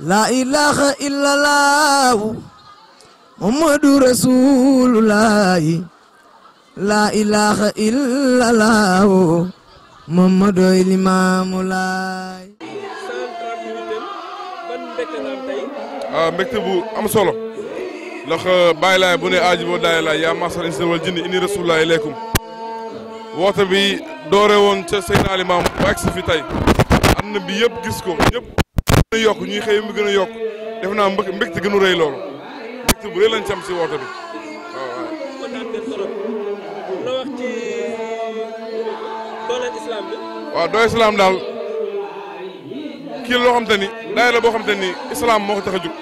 la ilaha illallah muhammadu rasulullah la ilaha illallah muhammadu limamullah ah mbégte ndax euh, bàyyi bu ne aajiboo daay yaa masar insi wal inni rasulullah ilaykum woote bi doore woon ca Seydina Limaamu ba agsi fi tey ànd bi yëpp gis ko gën a yokk ñuy xëy def naa mbë mbégte gënu rëy rëy lañ ci am si woote bi waaw daal kii loo xam ni daay la boo xam te ni islam moo ko tax a jug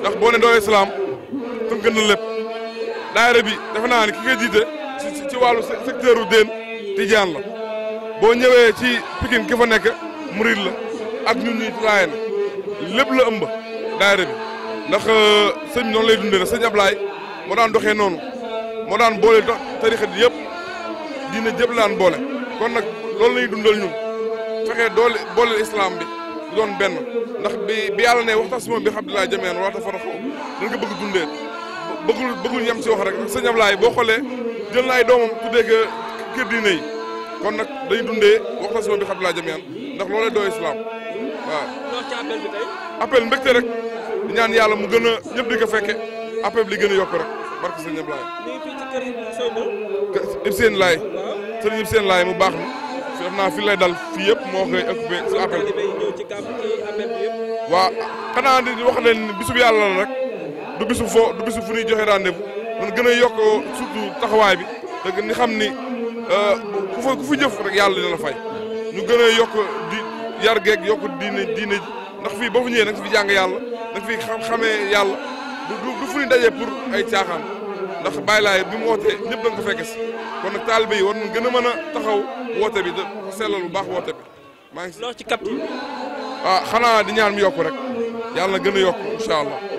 ndax boo ne doole islam tënk na lépp daayira bi defe naa ne ki nga ci ci wàllu secteur u déen tijaan la boo ñëwee ci Pikine ki fa la ak ñun ñuy laayeen lépp la ëmb daayira bi ndax euh, sëñ noonu lay dundee sëñ Ablaay moo daan doxee noonu moo daan boole tarixa di yëpp diine jëpp la daan boole kon nag loolu lañuy dundal ñun fexee doole booleel islam bi du doon benn ndax bi bi yàlla ne waxtaan si moom bi xam dinaa jëmeen wala dafa rafetlu dañ ko bëgg dundee bëggul bëggul yem si wax rek sëñ boo xoolee jël na ay doomam tuddee ko kon nag dañuy dundee waxtaan si moom bi xam dinaa ndax loolay doo islam. waaw. appel mbégte rek di ñaan yàlla mu gën a ñëpp di ko fekke appel bi di gën a yokk rek barke sëñ Ablaye. ñu ngi fii ci kër Ibou mu baax mi. def naa fi dal fii yëpp moo koy occupé si appel waaw xanaa di wax ne bisub yàlla la rek du bisu fo du bisu fu ñuy joxe rendez-vous man gën a yokk surtout taxawaay bi te ni xam ni euh, ku fa rek yàlla dina la fay ñu gën yokk di yar geeg yokku diine diine ji ndax fii boo fi ñëwee nag fi jàng yàlla nag fi xam-xamee yàlla du du fu ñu pour ay caaxaan ndax bàyyi laay bi mu wootee ñëpp da nga ko fekke si kon nag taalibe yi war nañ gën a mën a taxaw woote bi da sellal bu baax woote bi maa ngi loo ci capté. waaw ah, xanaa di ñaan mu yokk rek yàlla gën a yokk incha allah.